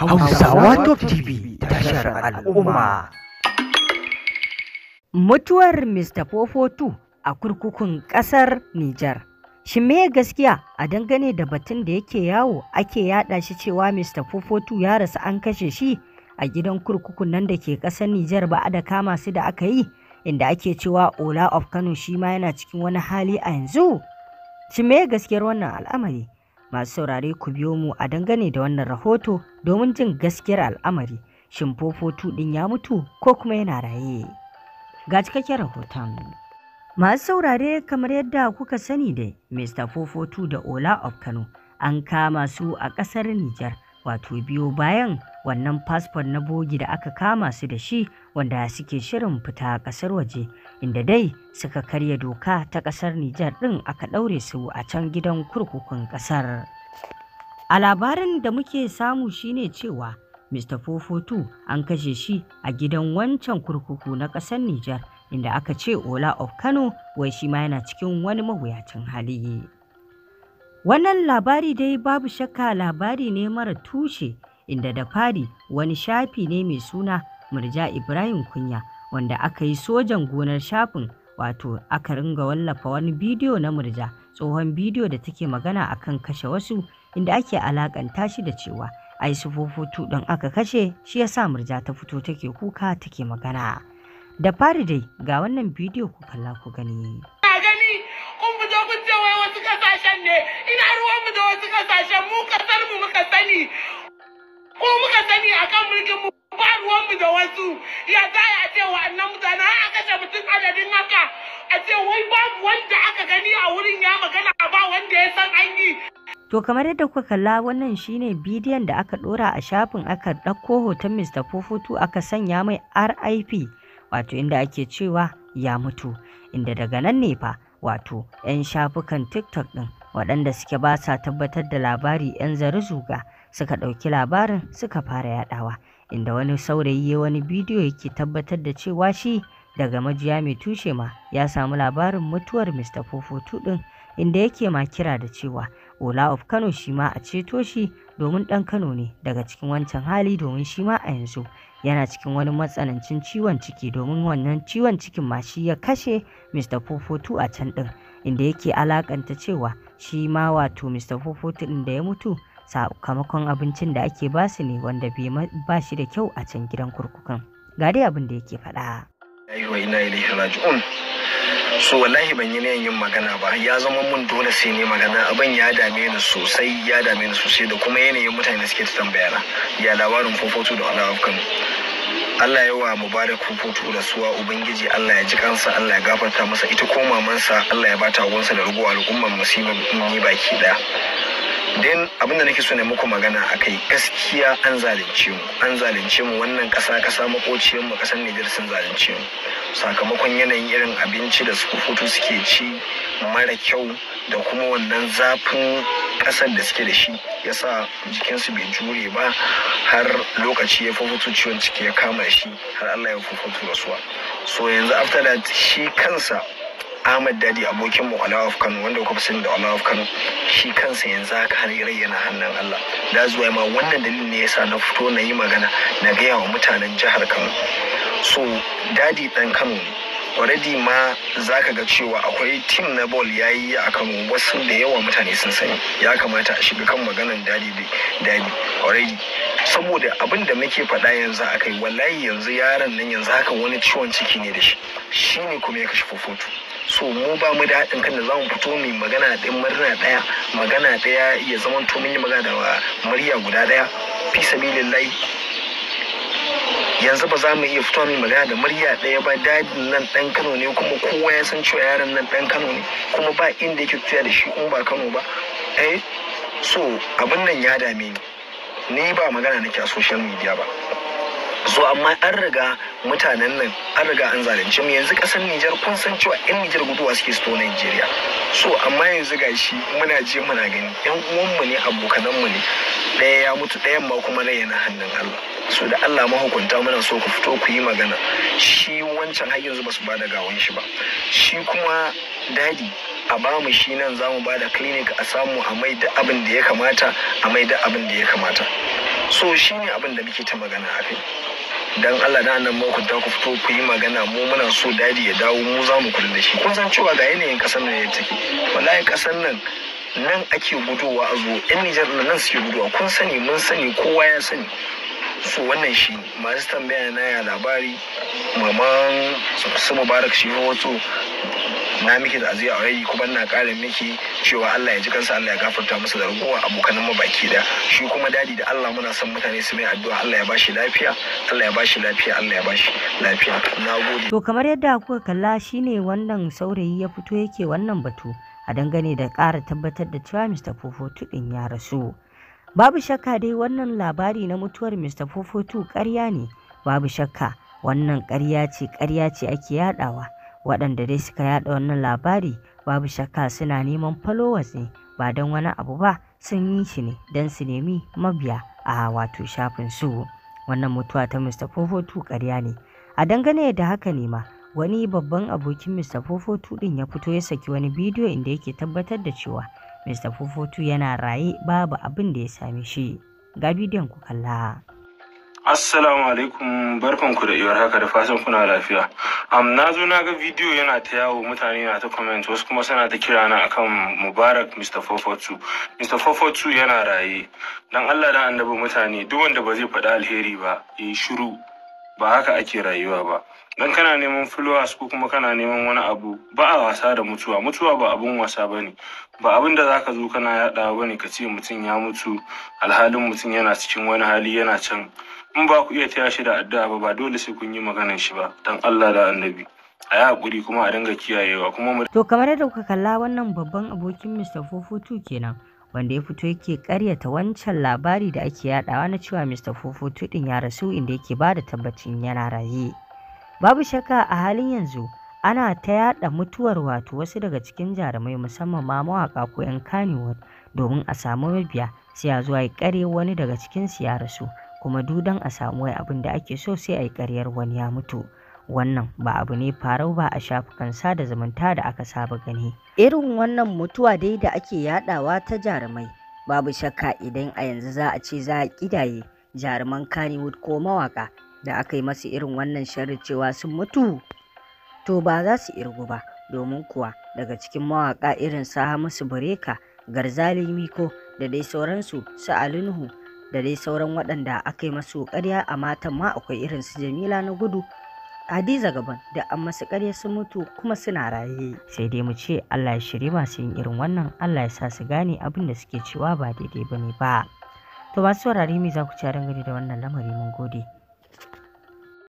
Hausawa Top TV tashar al'umma. Mutuwar Mr. Fofotu a kurkukun ƙasar Nijar. Shin me gaskiya a dangane da batun da yake yawo ake yada shi cewa Mr. Fofotu ya rasu an kashe shi a gidan kurkukun nan da ke ƙasar Nijar ba a da kama su da aka yi inda ake cewa Ola of Kano shi ma yana cikin wani hali a yanzu. Shin me gaskiyar wannan al'amari? masu saurare ku biyo mu a dangane da wannan rahoto domin jin gaskiyar al'amari shin fofotu ɗin ya mutu ko kuma yana raye ga cikakken rahoton masu saurare kamar yadda kuka sani da mr fofotu da ola of kano an kama su a ƙasar nijar wato biyo bayan wannan fasfon na bogi da aka kama su da shi wanda suke shirin fita kasar waje inda dai suka karya doka ta kasar Nijar ɗin aka ɗaure su a can gidan kurkukun kasar. A labarin da muke samu shine cewa Mr. Fofotu an kashe shi a gidan wancan kurkuku na kasar Nijar inda aka ce Ola of Kano wai shi ma yana cikin wani mawuyacin hali. Wannan labari dai babu shakka labari ne mara tushe inda da fari wani shafi ne mai suna Murja Ibrahim Kunya wanda aka yi sojan gonar shafin wato aka ringa wallafa wani bidiyo na Murja tsohon bidiyo da take magana akan kashe wasu inda ake alakanta shi da cewa ai sufufutu don aka kashe shi yasa Murja ta fito take kuka take magana. Da fari dai ga wannan bidiyo ku kalla ku gani. waje ina ruwanmu da wasu kasashen mu kasar mu muka sani ko muka sani akan mulkin mu ba ruwanmu da wasu ya za a ce annan mutane har a kashe mutum adadin haka a ce wai babu wanda aka gani a wurin ya magana ba wanda ya san an yi To kamar yadda kuka kalla wannan shine bidiyon da aka dora a shafin aka ɗauko hoton Mr. Fufutu aka sanya mai RIP wato inda ake cewa ya mutu inda daga nan ne fa wato 'yan shafukan TikTok ɗin waɗanda suke ba sa tabbatar da labari 'yan zari zuga suka ɗauki labarin suka fara yaɗawa inda wani saurayi ya wani bidiyo yake tabbatar da cewa shi daga majiya mai tushe ma ya samu labarin mutuwar mr Fofo ɗin inda yake ma kira da cewa Ola of Kano shi ma a ceto shi domin ɗan Kano ne daga cikin wancan hali domin shi ma a yanzu yana cikin wani matsanancin ciwon ciki domin wannan ciwon cikin ma shi ya kashe Mr. Fofotu a can ɗin inda yake alakanta cewa shi ma wato Mr. Fofotu ɗin da ya mutu sakamakon abincin da ake basu ne wanda bai ba shi da kyau a can gidan kurkukan Ga dai abin da yake faɗa. so wallahi ban yi niyan yin magana ba ya zama mun dole sai ne magana abin ya dame ni sosai ya dame ni sosai da kuma yanayin mutane suke ta tambaya ya labarin fofoto da wani abu Allah ya wa mubarak fofoto da suwa ubangiji Allah ya ji kansa Allah ya gafarta masa ita ko mamansa Allah ya bata wansa da rugo al'umman musibin ni baki daya Den abin da nake so ne muku magana a kai gaskiya an zalunce mu an zalunce mu wannan kasa kasa makociyar mu ƙasar Nijar sun zalunce mu sakamakon yanayin irin abinci da suka fito suke ci mara kyau da kuma wannan zafin ƙasar da suke da shi yasa jikinsu bai jure ba har lokaci ya fito ciwon ciki ya kama shi har Allah ya fito rasuwa so yanzu after that shi kansa ahmad dadi abokin mu of kano wanda kuka sani da of kano shi kansa yanzu haka rai yana hannun allah da zuwa ma wannan dalilin ne yasa na fito na yi magana na gaya wa mutanen jihar kano so dadi dan kano ne already ma za ka ga cewa akwai tim na ball ya yi a kano wasu da yawa mutane sun sani ya kamata a shiga kan maganan dadi dadi already saboda abin da muke faɗa yanzu a kai wallahi yanzu yaron nan yanzu haka wani ciwon ciki ne da shi shi kuma ya kashe fofoto so mu ba mu da haɗin kan da za mu fito mu magana ɗin murna ɗaya magana ɗaya ya zama to mun yi magana da murya guda ɗaya fi lai yanzu ba za mu iya fito mai magana da murya ɗaya ba dadin nan ɗan kano ne kuma kowa ya san cewa yaron nan ɗan kano ne kuma ba inda yake tafiya da shi in ba kano ba eh so abin nan ya dame ni ni ba magana nake a social media ba so amma an riga mutanen nan an riga an zalunce mu yanzu kasar Nijar kun san cewa yan Nijar guduwa suke su Najeriya so amma yanzu gashi muna je muna gani yan mu ne abokanan mu ne ɗaya ya mutu ɗayan ma kuma rai na hannun Allah so da Allah hukunta muna so ku fito ku yi magana shi wancan har yanzu ba su ba da gawan shi ba shi kuma dadi a ba mu shi nan za mu ba da clinic a samu a mai da abin da ya kamata a mai da abin da ya kamata so shi ne abin da muke ta magana a kai dan Allah na nan muku da ku fito ku yi magana mu muna so dadi ya dawo mu za mu kula da shi kun san cewa ga yanayin kasar nan ya take wallahi kasar nan nan ake gudowa a zo yan Nijar nan nan suke gudowa kun sani mun sani kowa ya sani so wannan shi masu tambaya na ya labari maman su mubarak shi wato na miki da aziya rai kuma ina ƙarin miki cewa Allah ya ji kansa Allah ya gafarta masa da ragowa abokanan mu baki da shi kuma dadi da Allah muna son mutane su mai addu'a Allah ya bashi lafiya Allah ya bashi lafiya Allah ya bashi lafiya nagode to kamar yadda kuka kalla shine wannan saurayi ya fito yake wannan batu a dangane da ƙara tabbatar da cewa Mr. Fofo din ya rasu babu shakka dai wannan labari na mutuwar Mr. Fofotu ƙarya ne babu shakka wannan ƙarya ce ƙarya ce ake yadawa waɗanda dai suka yada wannan labari babu shakka suna neman followers ne ba don wani abu ba sun yi shi ne don su nemi mabiya a wato shafin su wannan mutuwa ta Mr. Fofotu ƙarya ne a dangane da haka ne ma wani babban abokin Mr. Fofotu ɗin ya fito ya saki wani bidiyo inda yake tabbatar da cewa Mr. Fofotu yana raye babu abin da ya same shi ga bidiyon ku kalla Assalamu alaikum barkanku da iwar haka da fatan kuna lafiya. Am na zo na ga bidiyo yana ta yawo mutane na ta comment wasu kuma suna ta kira na akan Mubarak Mr. 442. Mr. 442 yana raye. Dan Allah dan annabi mutane duk wanda ba zai faɗa alheri ba yi shiru ba haka ake rayuwa ba. Dan kana neman followers ko kuma kana neman wani abu ba a wasa da mutuwa. Mutuwa ba abun wasa bane. ba abin da zaka zo kana yaɗa bane ka ce mutum ya mutu alhalin mutum yana cikin wani hali yana can in ba ku iya taya shi da addu'a ba ba dole sai kun yi maganan shi ba dan Allah da annabi a yi hakuri kuma a dinga kiyayewa kuma to kamar yadda kuka kalla wannan babban abokin Mr. Fofotu kenan wanda ya fito yake karyata wancan labari da ake yadawa na cewa Mr. Fofotu din ya rasu inda yake ba da tabbacin yana raye babu shakka a halin yanzu ana ta yada mutuwar wato wasu daga cikin jarumai musamman ma mawaka ko 'yan kanewa domin a samu mabiya sai a zuwa ya kare wani daga cikin su ya rasu kuma dudan a samu wai abin da ake so sai a yi karyar wani ya mutu wannan ba abu ne farau ba a shafukan sada zumunta da aka saba gani irin wannan mutuwa dai da ake yadawa ta jarumai babu shakka idan a yanzu za a ce za a kidaye jaruman kannywood ko mawaka da aka yi masu irin wannan sharri cewa sun mutu to ba za su irgu ba domin kuwa daga cikin mawaka irin sa hamisu bureka garzali miko da dai sauransu su alinuhu da dai sauran waɗanda aka yi masu ƙarya a matan ma akwai irin su jamila na gudu hadiza gaban da an masu ƙarya sun mutu kuma suna raye sai dai mu ce allah ya shirye masu yin irin wannan allah ya sa su gane abin da suke cewa ba daidai ba ne ba to masu saurare me za ku ci gani da wannan lamari mun gode